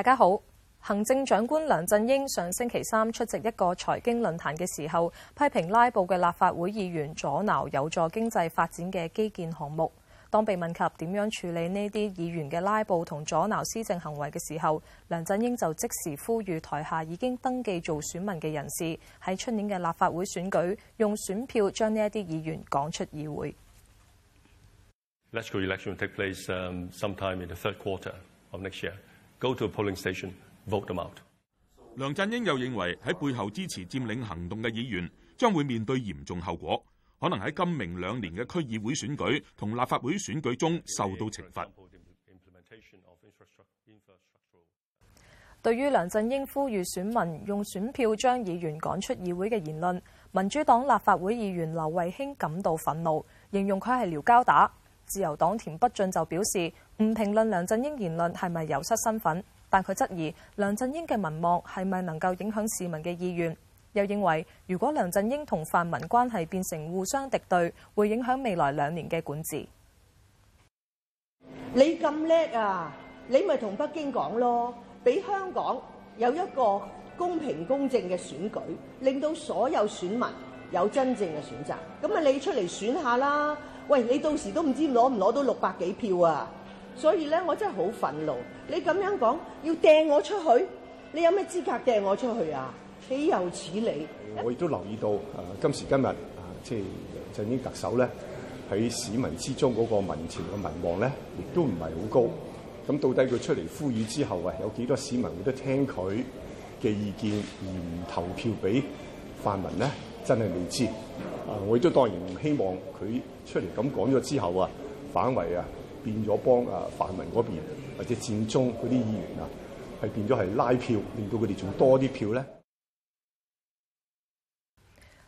大家好，行政長官梁振英上星期三出席一個財經論壇嘅時候，批評拉布嘅立法會議員阻撓有助經濟發展嘅基建項目。當被問及點樣處理呢啲議員嘅拉布同阻撓施政行為嘅時候，梁振英就即時呼籲台下已經登記做選民嘅人士喺出年嘅立法會選舉，用選票將呢一啲議員趕出議會。去到投票站，vote them out。梁振英又認為喺背後支持佔領行動嘅議員將會面對嚴重後果，可能喺今明兩年嘅區議會選舉同立法會選舉中受到懲罰。對於梁振英呼籲選民用選票將議員趕出議會嘅言論，民主黨立法會議員劉慧卿感到憤怒，形容佢係撩交打。自由黨田北俊就表示，唔評論梁振英言論係咪有失身份，但佢質疑梁振英嘅民望係咪能夠影響市民嘅意願，又認為如果梁振英同泛民關係變成互相敵對，會影響未來兩年嘅管治。你咁叻啊，你咪同北京講咯，俾香港有一個公平公正嘅選舉，令到所有選民有真正嘅選擇。咁啊，你出嚟選下啦，喂，你到時都唔知攞唔攞到六百幾票啊！所以咧，我真係好憤怒！你咁樣講，要掟我出去，你有咩資格掟我出去啊？豈有此理！我亦都留意到，今時今日，啊即係振英特首咧，喺市民之中嗰個民調嘅民望咧，亦都唔係好高。咁到底佢出嚟呼籲之後啊，有幾多市民會得聽佢嘅意見而唔投票俾泛民咧？真係未知。我亦都當然唔希望佢出嚟咁講咗之後啊，反為啊！變咗幫啊泛民嗰邊或者佔中嗰啲議員啊，係變咗係拉票，令到佢哋仲多啲票呢。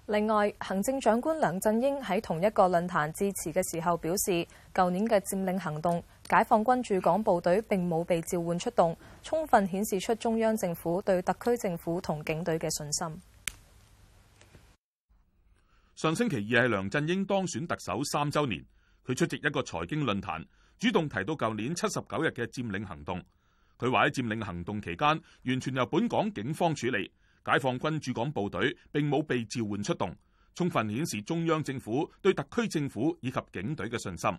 另外，行政長官梁振英喺同一個論壇致辭嘅時候表示，舊年嘅佔領行動，解放軍駐港部隊並冇被召喚出動，充分顯示出中央政府對特區政府同警隊嘅信心。上星期二係梁振英當選特首三週年，佢出席一個財經論壇。主動提到舊年七十九日嘅佔領行動，佢話喺佔領行動期間完全由本港警方處理，解放軍駐港部隊並冇被召喚出動，充分顯示中央政府對特區政府以及警隊嘅信心。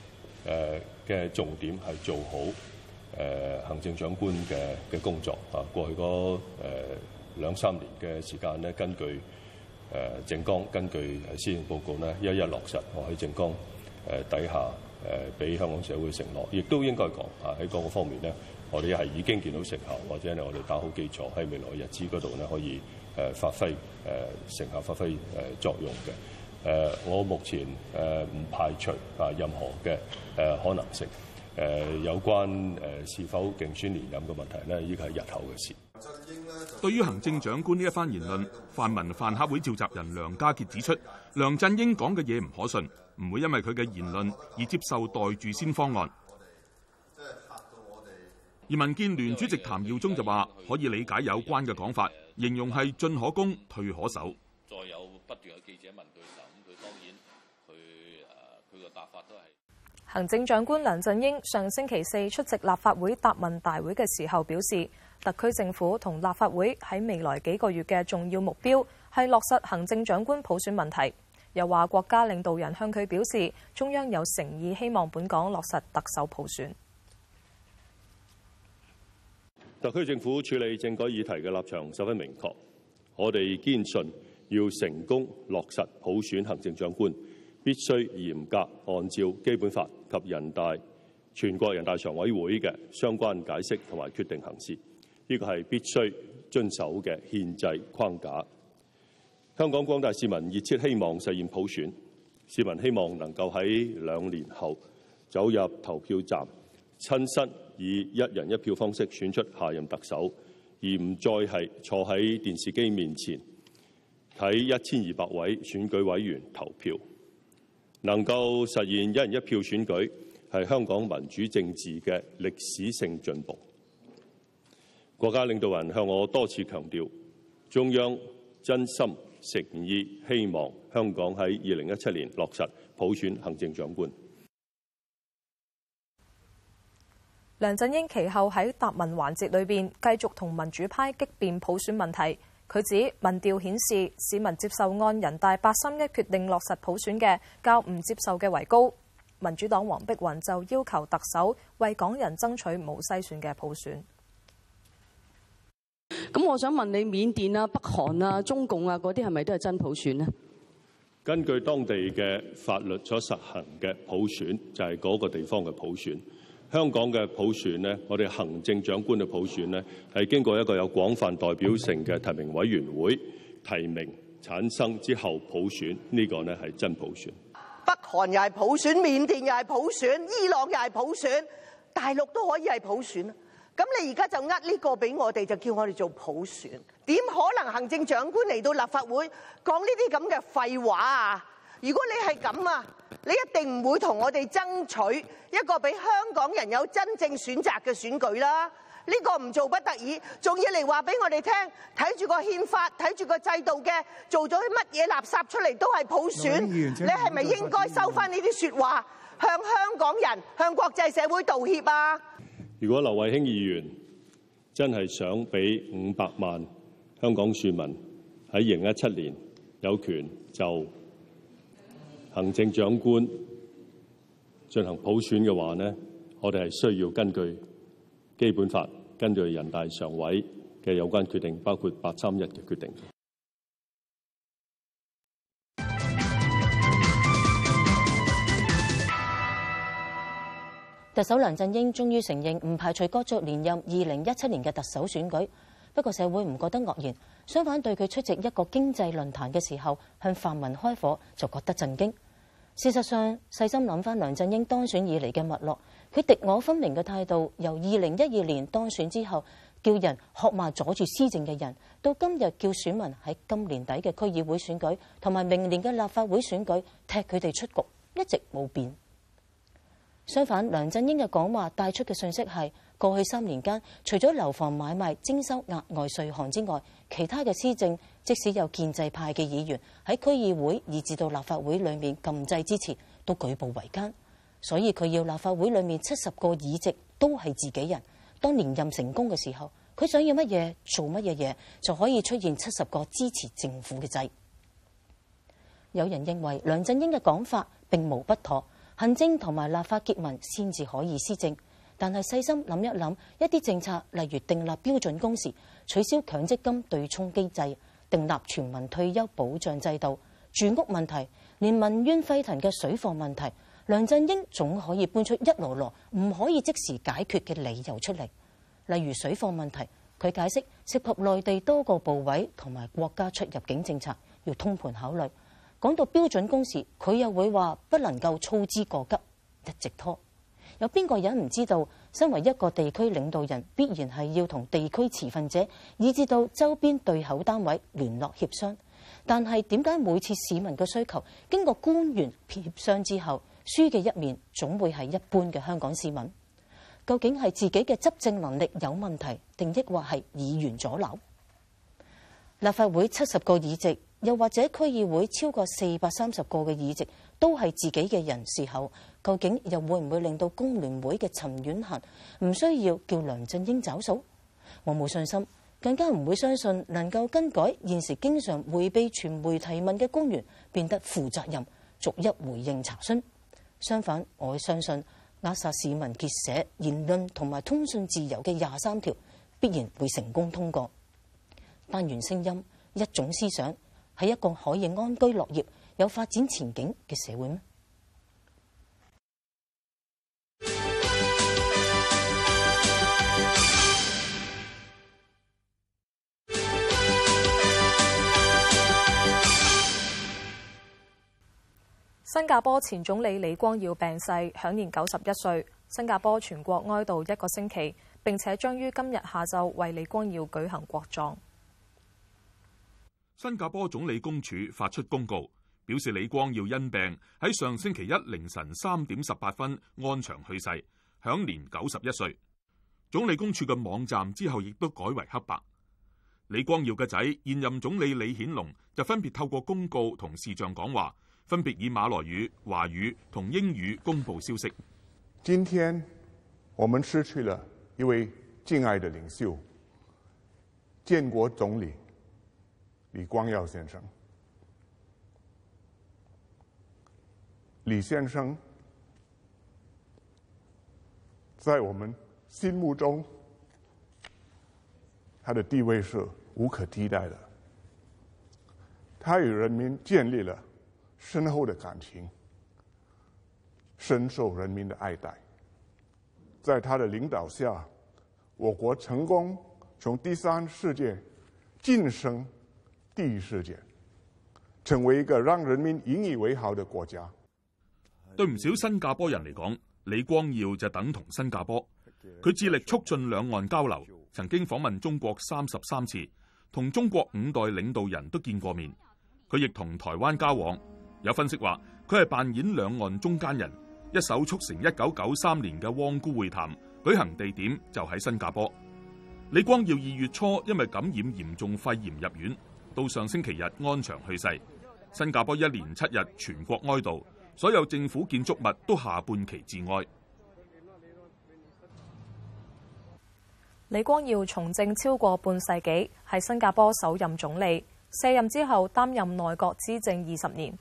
誒、呃、嘅重點係做好誒、呃、行政長官嘅嘅工作啊！過去嗰誒、呃、兩三年嘅時間咧，根據誒、呃、政綱，根據施政報告咧，一,一一落實我喺政綱誒、呃、底下誒俾、呃、香港社會承諾，亦都應該講啊喺各個方面咧，我哋係已經見到成效，或者係我哋打好基礎，喺未來日子嗰度咧可以誒發揮誒成效，發揮誒、呃呃、作用嘅。誒，我目前誒唔排除啊任何嘅誒可能性。誒有關誒是否競選連任嘅問題呢，呢個係日後嘅事。對於行政長官呢一番言論，泛民泛客會召集人梁家傑指出，梁振英講嘅嘢唔可信，唔會因為佢嘅言論而接受袋住先方案。而民建聯主席譚耀宗就話：可以理解有關嘅講法，形容係進可攻，退可守。行政長官梁振英上星期四出席立法會答問大會嘅時候表示，特區政府同立法會喺未來幾個月嘅重要目標係落實行政長官普選問題。又話國家領導人向佢表示，中央有誠意希望本港落實特首普選。特區政府處理政改議題嘅立場十分明確，我哋堅信要成功落實普選行政長官。必須嚴格按照基本法及人大全國人大常委會嘅相關解釋同埋決定行事，呢個係必須遵守嘅憲制框架。香港廣大市民熱切希望實現普選，市民希望能夠喺兩年後走入投票站，親身以一人一票方式選出下任特首，而唔再係坐喺電視機面前睇一千二百位選舉委員投票。能夠實現一人一票選舉，係香港民主政治嘅歷史性進步。國家領導人向我多次強調，中央真心誠意希望香港喺二零一七年落實普選行政長官。梁振英其後喺答問環節裏邊，繼續同民主派激辯普選問題。佢指民調顯示市民接受按人大八三一決定落實普選嘅，較唔接受嘅為高。民主黨黃碧雲就要求特首為港人爭取無篩選嘅普選。咁我想問你，緬甸啊、北韓啊、中共啊嗰啲係咪都係真普選呢？根據當地嘅法律所實行嘅普選，就係、是、嗰個地方嘅普選。香港嘅普選咧，我哋行政長官嘅普選咧，係經過一個有廣泛代表性嘅提名委員會提名產生之後普選，呢個呢，係真普選。北韓又係普選，緬甸又係普選，伊朗又係普選，大陸都可以係普選，咁你而家就呃呢個俾我哋，就叫我哋做普選，點可能行政長官嚟到立法會講呢啲咁嘅廢話啊？如果你係咁啊，你一定唔會同我哋爭取一個俾香港人有真正選擇嘅選舉啦。呢個唔做不得已，仲要嚟話俾我哋聽，睇住個憲法，睇住個制度嘅，做咗啲乜嘢垃圾出嚟都係普選。你係咪應該收翻呢啲説話，向香港人、向國際社會道歉啊？如果劉慧卿議員真係想俾五百萬香港市民喺二零一七年有權就？行政長官進行普選嘅話呢，我哋係需要根據基本法、根據人大常委嘅有關決定，包括八三一嘅決定。特首梁振英終於承認唔排除角逐連任二零一七年嘅特首選舉。不過社會唔覺得愕然，相反對佢出席一個經濟論壇嘅時候向泛民開火就覺得震驚。事實上細心諗返梁振英當選以嚟嘅脈絡，佢敵我分明嘅態度，由二零一二年當選之後叫人學罵阻住施政嘅人，到今日叫選民喺今年底嘅區議會選舉同埋明年嘅立法會選舉踢佢哋出局，一直冇變。相反，梁振英嘅講話帶出嘅信息係。過去三年間，除咗樓房買賣徵收額外稅項之外，其他嘅施政，即使有建制派嘅議員喺區議會、以至到立法會裏面禁制支持，都舉步維艱。所以佢要立法會裏面七十個議席都係自己人。當連任成功嘅時候，佢想要乜嘢做乜嘢嘢，就可以出現七十個支持政府嘅制。有人認為梁振英嘅講法並無不妥，行政同埋立法結盟先至可以施政。但係細心諗一諗，一啲政策例如訂立標準工時、取消強積金對沖機制、訂立全民退休保障制度、住屋問題、連民怨沸騰嘅水貨問題，梁振英總可以搬出一籮籮唔可以即時解決嘅理由出嚟。例如水貨問題，佢解釋涉及內地多個部委同埋國家出入境政策，要通盤考慮。講到標準工時，佢又會話不能夠操之過急，一直拖。有邊個人唔知道，身為一個地區領導人，必然係要同地區持份者，以至到周邊對口單位聯絡協商。但係點解每次市民嘅需求經過官員協商之後，輸嘅一面總會係一般嘅香港市民？究竟係自己嘅執政能力有問題，定抑或係議員阻撓？立法會七十個議席。又或者區議會超過四百三十個嘅議席都係自己嘅人時候後，究竟又會唔會令到工聯會嘅陳婉嫻唔需要叫梁振英找數？我冇信心，更加唔會相信能夠更改現時經常會被傳媒提問嘅官員變得負責任，逐一回應查詢。相反，我相信扼殺市民結社、言論同埋通訊自由嘅廿三條必然會成功通過。單元聲音，一種思想。喺一個可以安居樂業、有發展前景嘅社會咩？新加坡前總理李光耀病逝，享年九十一歲。新加坡全國哀悼一個星期，並且將於今日下晝為李光耀舉行國葬。新加坡總理公署發出公告，表示李光耀因病喺上星期一凌晨三點十八分安詳去世，享年九十一歲。總理公署嘅網站之後亦都改為黑白。李光耀嘅仔現任總理李顯龍就分別透過公告同視像講話，分別以馬來語、華語同英語公布消息。今天我們失去了一位敬愛的領袖，建國總理。李光耀先生，李先生在我們心目中，他的地位是無可替代的。他與人民建立了深厚的感情，深受人民的愛戴。在他的領導下，我國成功從第三世界晉升。第一世界，成為一個讓人民引以為豪的國家。對唔少新加坡人嚟講，李光耀就等同新加坡。佢致力促進兩岸交流，曾經訪問中國三十三次，同中國五代領導人都見過面。佢亦同台灣交往。有分析話，佢係扮演兩岸中間人，一手促成一九九三年嘅汪辜會談，舉行地點就喺新加坡。李光耀二月初因為感染嚴重肺炎入院。到上星期日安詳去世，新加坡一連七日全國哀悼，所有政府建築物都下半旗致哀。李光耀從政超過半世紀，係新加坡首任總理，卸任之後擔任內閣資政二十年。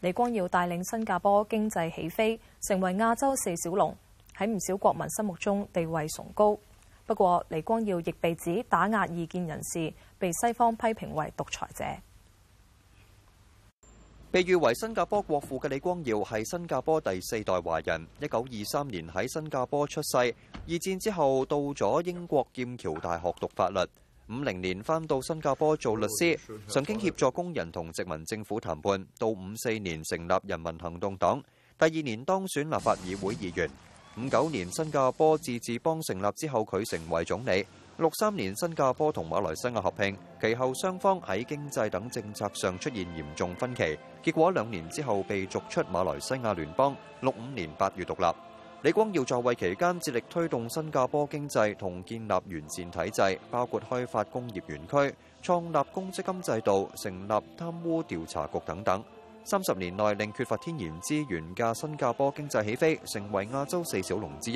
李光耀帶領新加坡經濟起飛，成為亞洲四小龍，喺唔少國民心目中地位崇高。不過，李光耀亦被指打壓異見人士，被西方批評為獨裁者。被譽為新加坡國父嘅李光耀係新加坡第四代華人，一九二三年喺新加坡出世。二戰之後到咗英國劍橋大學讀法律，五零年返到新加坡做律師，曾經協助工人同殖民政府談判。到五四年成立人民行動黨，第二年當選立法議會議員。五九年新加坡自治邦成立之後，佢成為總理。六三年新加坡同馬來西亞合併，其後雙方喺經濟等政策上出現嚴重分歧，結果兩年之後被逐出馬來西亞聯邦。六五年八月獨立，李光耀在位期間致力推動新加坡經濟同建立完善體制，包括開發工業園區、創立公積金制度、成立貪污調查局等等。三十年內令缺乏天然資源嘅新加坡經濟起飛,成為亞洲四小龍之一。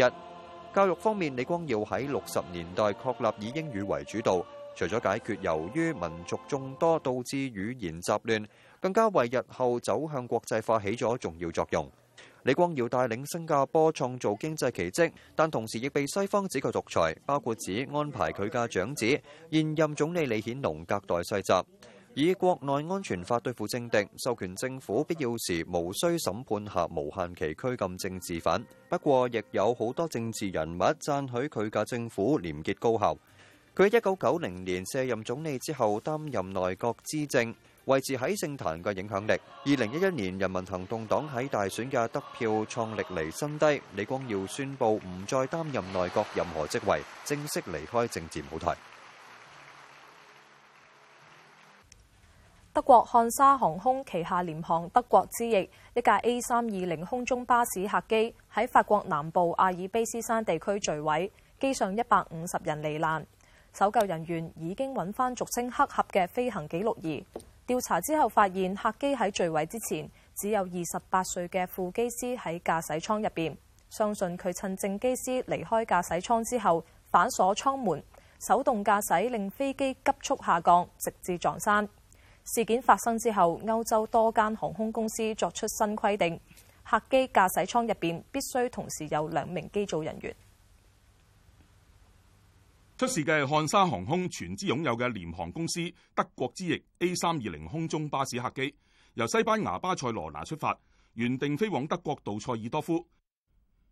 教育方面李光耀喺60年代確立以英語為主導,除咗解決由於民族眾多導致語言雜亂,更加為日後走向國際化起咗重要作用。李光耀帶領新加坡創造經濟奇蹟,但同時亦被西方指佢獨裁,包括指安排佢嘅長子現任總理李顯龍隔代世襲。以國內安全法對付政敵，授權政府必要時無需審判下無限期拘禁政治犯。不過，亦有好多政治人物讚許佢嘅政府廉潔高效。佢喺一九九零年卸任總理之後，擔任內閣資政，維持喺政壇嘅影響力。二零一一年人民行動黨喺大選嘅得票創歷嚟新低，李光耀宣布唔再擔任內閣任何職位，正式離開政治舞台。德國漢莎航空旗下廉航德國之翼一架 A 三二零空中巴士客機喺法國南部阿爾卑斯山地區墜毀，機上一百五十人罹難。搜救人員已經揾翻俗稱黑盒嘅飛行記錄儀，調查之後發現客機喺墜毀之前只有二十八歲嘅副機師喺駕駛艙入邊，相信佢趁正機師離開駕駛艙之後反鎖艙門，手動駕駛令飛機急速下降，直至撞山。事件發生之後，歐洲多間航空公司作出新規定，客機駕駛艙入邊必須同時有兩名機組人員。出事嘅係漢莎航空全資擁有嘅廉航公司德國之翼 A 三二零空中巴士客機，由西班牙巴塞羅那出發，原定飛往德國杜塞爾多夫。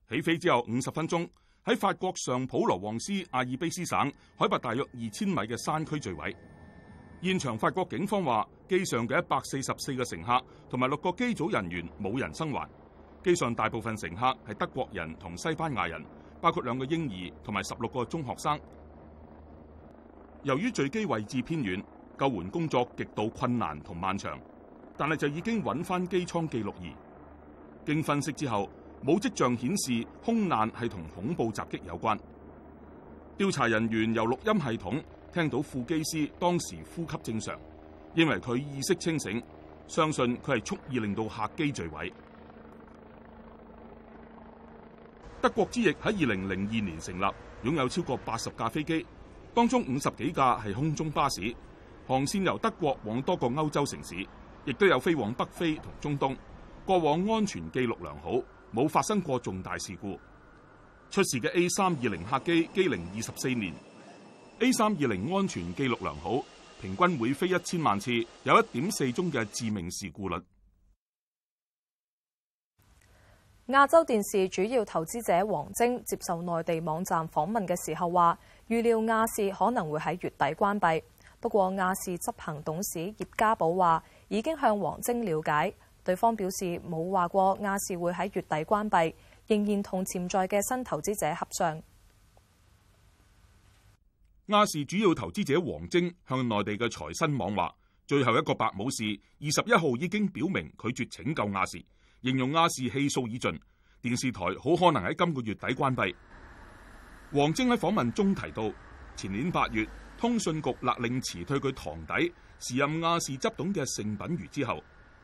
起飛之後五十分鐘，喺法國上普羅旺斯阿爾卑斯省海拔大約二千米嘅山區墜毀。現場法國警方話，機上嘅一百四十四個乘客同埋六個機組人員冇人生還。機上大部分乘客係德國人同西班牙人，包括兩個嬰兒同埋十六個中學生。由於墜機位置偏遠，救援工作極度困難同漫長，但係就已經揾翻機艙記錄儀。經分析之後，冇跡象顯示空難係同恐怖襲擊有關。調查人員由錄音系統。聽到副機師當時呼吸正常，認為佢意識清醒，相信佢係蓄意令到客機墜毀。德國之翼喺二零零二年成立，擁有超過八十架飛機，當中五十幾架係空中巴士，航線由德國往多個歐洲城市，亦都有飛往北非同中東。過往安全記錄良好，冇發生過重大事故。出事嘅 A 三二零客機機齡二十四年。A 三二零安全記錄良好，平均每飛一千萬次有一點四宗嘅致命事故率。亞洲電視主要投資者王征接受內地網站訪問嘅時候話，預料亞視可能會喺月底關閉。不過亞視執行董事葉家寶話，已經向王征了解，對方表示冇話過亞視會喺月底關閉，仍然同潛在嘅新投資者洽商。亞視主要投資者王征向內地嘅財新網話：最後一個白武士二十一號已經表明拒絕拯救亞視，形容亞視氣數已盡，電視台好可能喺今個月底關閉。王征喺訪問中提到，前年八月通訊局勒令辭退佢堂弟時任亞視執董嘅盛品如之後，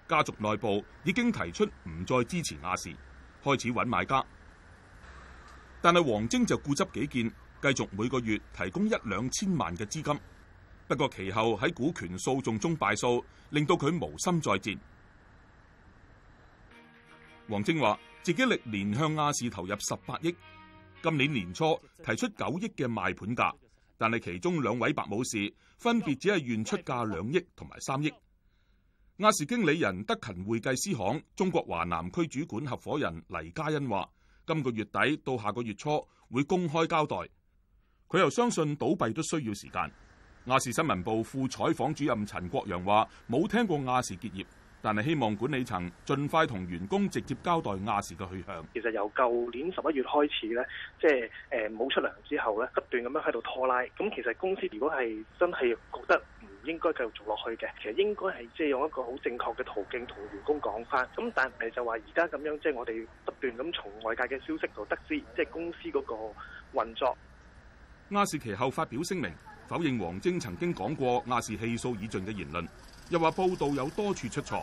家族內部已經提出唔再支持亞視，開始揾買家。但係王征就固執己見。繼續每個月提供一兩千萬嘅資金，不過其後喺股權訴訟中敗訴，令到佢無心再戰。王征話自己歷年向亞視投入十八億，今年年初提出九億嘅賣盤價，但係其中兩位白武士分別只係願出價兩億同埋三億。亞視經理人德勤會計師行中國華南區主管合夥人黎嘉恩話：今個月底到下個月初會公開交代。佢又相信倒閉都需要時間。亞視新聞部副採訪主任陳國陽話，冇聽過亞視結業，但係希望管理層盡快同員工直接交代亞視嘅去向。其實由舊年十一月開始咧，即係誒冇出糧之後咧，不斷咁樣喺度拖拉。咁其實公司如果係真係覺得唔應該繼續做落去嘅，其實應該係即係用一個好正確嘅途徑同員工講翻。咁但係就話而家咁樣，即係我哋不斷咁從外界嘅消息度得知，即係公司嗰個運作。亞視其後發表聲明否認王征曾經講過亞視氣數已盡嘅言論，又話報道有多處出錯。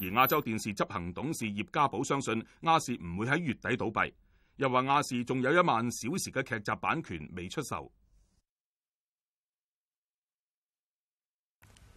而亞洲電視執行董事葉家寶相信亞視唔會喺月底倒閉，又話亞視仲有一萬小時嘅劇集版權未出售。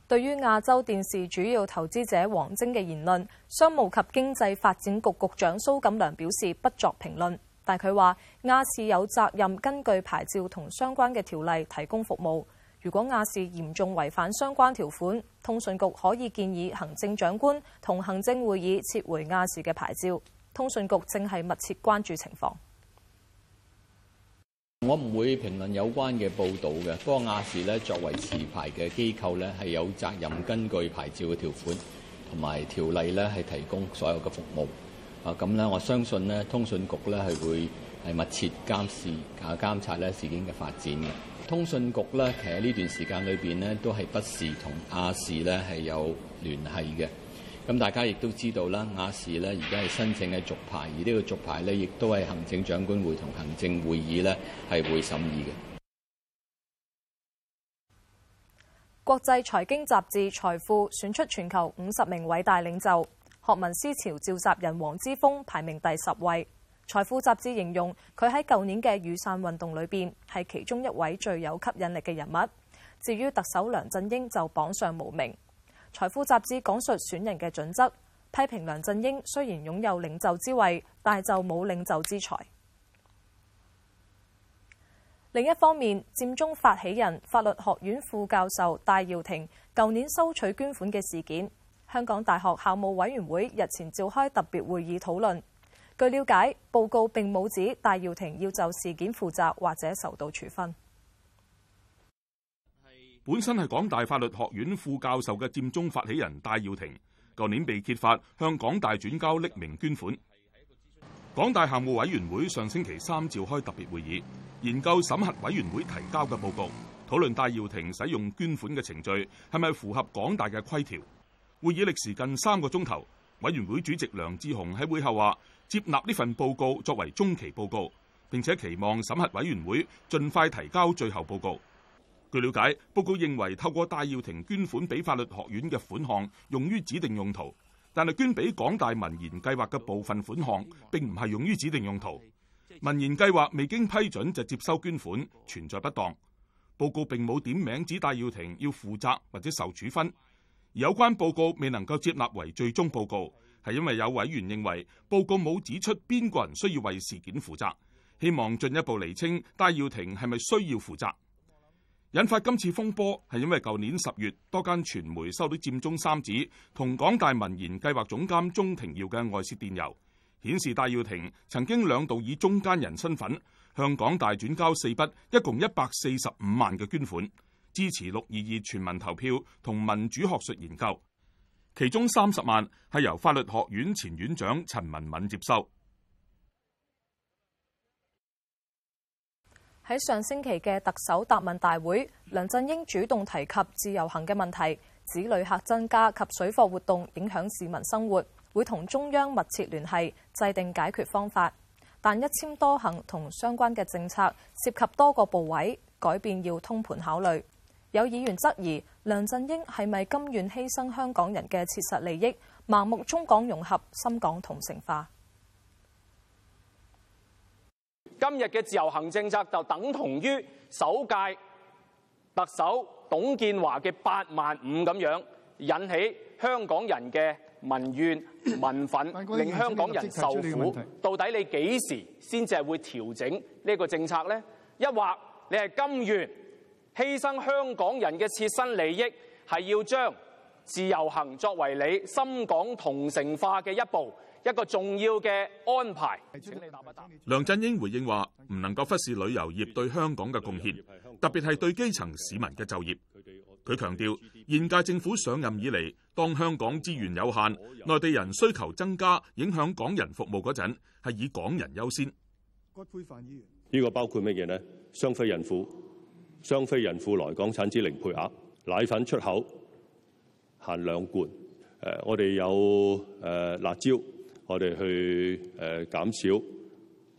對於亞洲電視主要投資者王征嘅言論，商務及經濟發展局局，局長蘇錦樑表示不作評論。但佢話亞視有責任根據牌照同相關嘅條例提供服務。如果亞視嚴重違反相關條款，通訊局可以建議行政長官同行政會議撤回亞視嘅牌照。通訊局正係密切關注情況。我唔會評論有關嘅報導嘅。不過亞視咧作為持牌嘅機構咧係有責任根據牌照嘅條款同埋條例咧係提供所有嘅服務。啊，咁咧，我相信咧，通訊局咧係會係密切監視啊、監察咧事件嘅發展嘅。通訊局咧，其實呢段時間裏邊呢，都係不時同亞視咧係有聯繫嘅。咁大家亦都知道啦，亞視咧而家係申請嘅續牌，而呢個續牌咧亦都係行政長官會同行政會議咧係會審議嘅。國際財經雜誌《財富》選出全球五十名偉大領袖。學民思潮召集人黃之鋒排名第十位。財富雜誌形容佢喺舊年嘅雨傘運動裏邊係其中一位最有吸引力嘅人物。至於特首梁振英就榜上無名。財富雜誌講述選人嘅準則，批評梁振英雖然擁有領袖之位，但係就冇領袖之才。另一方面，佔中發起人法律學院副教授戴耀廷舊年收取捐款嘅事件。香港大學校務委員會日前召開特別會議討論。據了解，報告並冇指戴耀廷要就事件負責或者受到處分。本身係港大法律學院副教授嘅佔中發起人戴耀廷，舊年被揭發向港大轉交匿名捐款。港大校務委員會上星期三召開特別會議，研究審核委員會提交嘅報告，討論戴耀廷使用捐款嘅程序係咪符合港大嘅規條。會議歷時近三個鐘頭，委員會主席梁智鴻喺會後話，接納呢份報告作為中期報告，並且期望審核委員會盡快提交最後報告。據了解，報告認為透過戴耀廷捐款俾法律學院嘅款項用於指定用途，但係捐俾港大民研計劃嘅部分款項並唔係用於指定用途。民研計劃未經批准就接收捐款，存在不當。報告並冇點名指戴耀廷要負責或者受處分。有關報告未能夠接納為最終報告，係因為有委員認為報告冇指出邊個人需要為事件負責，希望進一步厘清戴耀廷係咪需要負責。引發今次風波係因為舊年十月多間傳媒收到佔中三子同港大民研計劃總監鍾庭耀嘅外泄電郵，顯示戴耀廷曾經兩度以中間人身份向港大轉交四筆一共一百四十五萬嘅捐款。支持六二二全民投票同民主學術研究，其中三十萬係由法律學院前院長陳文敏接收。喺上星期嘅特首答問大會，梁振英主動提及自由行嘅問題，指旅客增加及水貨活動影響市民生活，會同中央密切聯繫，制定解決方法。但一簽多行同相關嘅政策涉及多個部委改變要通盤考慮。有議員質疑梁振英係咪甘願犧牲香港人嘅切實利益，盲目中港融合、深港同城化？今日嘅自由行政策就等同於首屆特首董建華嘅八萬五咁樣，引起香港人嘅民怨 民憤， 令香港人受苦。 到底你幾時先至係會調整呢個政策呢？一或你係甘願，犧牲香港人嘅切身利益，係要將自由行作為你深港同城化嘅一步，一個重要嘅安排。請你答一答。梁振英回應話：唔能夠忽視旅遊業對香港嘅貢獻，特別係對基層市民嘅就業。佢強調，現屆政府上任以嚟，當香港資源有限，內地人需求增加，影響港人服務嗰陣，係以港人優先。呢、這個包括乜嘢呢？雙非孕婦。雙非孕婦來港產子零配額，奶粉出口限兩罐。誒、呃，我哋有誒、呃、辣椒，我哋去誒、呃、減少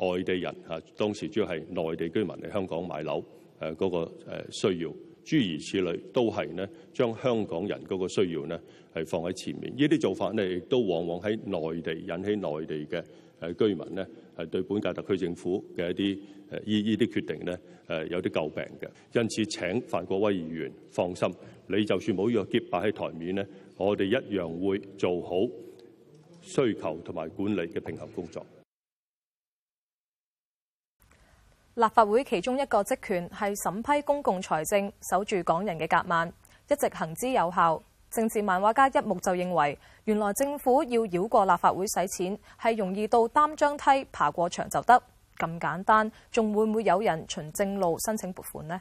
外地人嚇。當時主要係內地居民嚟香港買樓誒嗰、呃那個、呃、需要，諸如此類都係咧，將香港人嗰個需要呢係放喺前面。呢啲做法呢，亦都往往喺內地引起內地嘅誒、呃、居民呢。係對本屆特區政府嘅一啲誒依依啲決定呢，誒有啲舊病嘅，因此請范國威議員放心，你就算冇呢個揭擺喺台面呢，我哋一樣會做好需求同埋管理嘅平衡工作。立法會其中一個職權係審批公共財政，守住港人嘅夾萬，一直行之有效。政治漫畫家一目就認為，原來政府要繞過立法會使錢，係容易到擔張梯爬過牆就得咁簡單，仲會唔會有人循正路申請撥款呢？